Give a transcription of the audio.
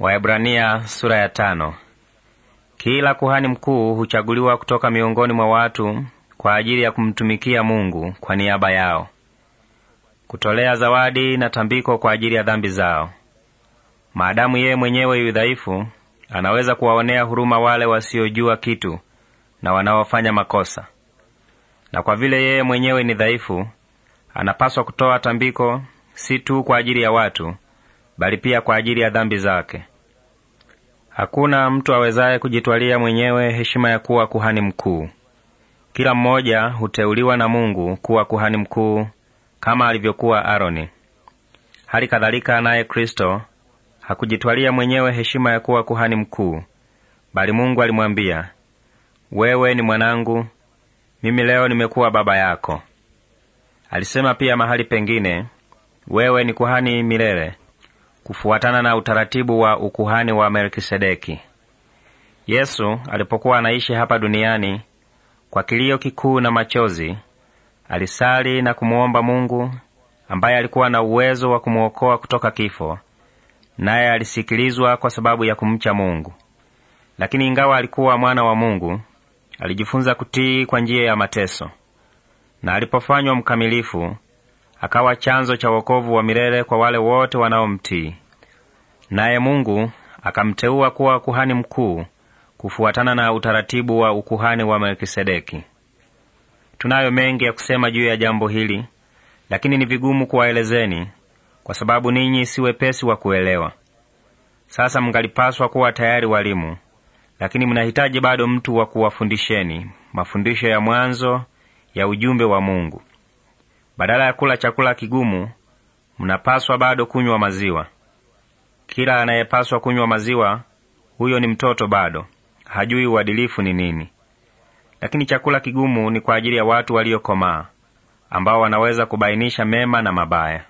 Waebrania sura ya tano. Kila kuhani mkuu huchaguliwa kutoka miongoni mwa watu kwa ajili ya kumtumikia Mungu kwa niaba yao, kutolea zawadi na tambiko kwa ajili ya dhambi zao. Maadamu yeye mwenyewe yu dhaifu, anaweza kuwaonea huruma wale wasiojua kitu na wanaofanya makosa. Na kwa vile yeye mwenyewe ni dhaifu, anapaswa kutoa tambiko si tu kwa ajili ya watu, bali pia kwa ajili ya dhambi zake. Hakuna mtu awezaye kujitwalia mwenyewe heshima ya kuwa kuhani mkuu. Kila mmoja huteuliwa na Mungu kuwa kuhani mkuu kama alivyokuwa Aroni. Hali kadhalika naye Kristo hakujitwalia mwenyewe heshima ya kuwa kuhani mkuu, bali Mungu alimwambia, wewe ni mwanangu, mimi leo nimekuwa baba yako. Alisema pia mahali pengine, wewe ni kuhani milele kufuatana na utaratibu wa ukuhani wa Melkisedeki. Yesu alipokuwa anaishi hapa duniani, kwa kilio kikuu na machozi alisali na kumwomba Mungu ambaye alikuwa na uwezo wa kumwokoa kutoka kifo, naye alisikilizwa kwa sababu ya kumcha Mungu. Lakini ingawa alikuwa mwana wa Mungu, alijifunza kutii kwa njia ya mateso, na alipofanywa mkamilifu akawa chanzo cha wokovu wa milele kwa wale wote wanaomtii. Naye Mungu akamteua kuwa kuhani mkuu kufuatana na utaratibu wa ukuhani wa Melkisedeki. Tunayo mengi ya kusema juu ya jambo hili, lakini ni vigumu kuwaelezeni kwa sababu ninyi si wepesi wa kuelewa. Sasa mngalipaswa kuwa tayari walimu, lakini mnahitaji bado mtu wa kuwafundisheni mafundisho ya mwanzo ya ujumbe wa Mungu. Badala ya kula chakula kigumu, mnapaswa bado kunywa maziwa. Kila anayepaswa kunywa maziwa, huyo ni mtoto bado, hajui uadilifu ni nini. Lakini chakula kigumu ni kwa ajili ya watu waliokomaa, ambao wanaweza kubainisha mema na mabaya.